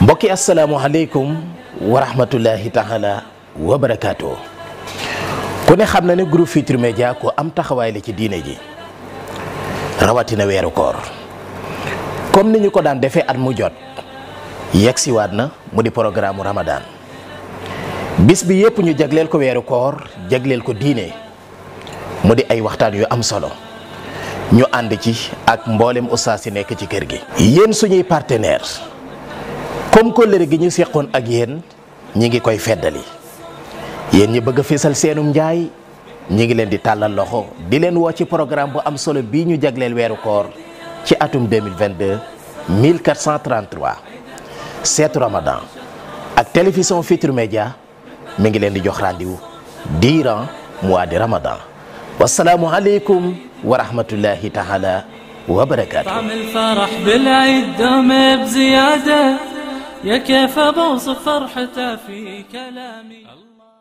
mbokki asalaamualeykum wa rahmatullahi taala wa barakaatu ku ne xam na ne groupe Futurs Médias ku am taxawaay la ci diine ji rawatina weeru koor comme ni ñu ko daan defee at mu jot yegg siwaat na mu di programme Ramadan bis bi yépp ñu jagleel ko weeru koor jagleel ko diine mu di ay waxtaan yu am solo ñu ànd ci ak mboolem ustaas yi nekk ci kër gi. yéen suñuy partenaires comme kóllëre gi ñu seqoon ak yéen ñi ngi koy feddali yéen ñi bëgg a fésal seenum njaay ñi ngi leen di tàllal loxo di leen woo ci programme bu am solo bii ñu jagleel weeru koor ci atum 2022 1433 seetu Ramadan ak télévision Futurs Médias mi ngi leen di jox rendez-vous durant mois de Ramadan wasalaamualeykum. wa rahmatullahi taala wa barakaatu. طعم الفرح بالعيد دوم بزيادة يا كيف بوصف فرحته في كلامي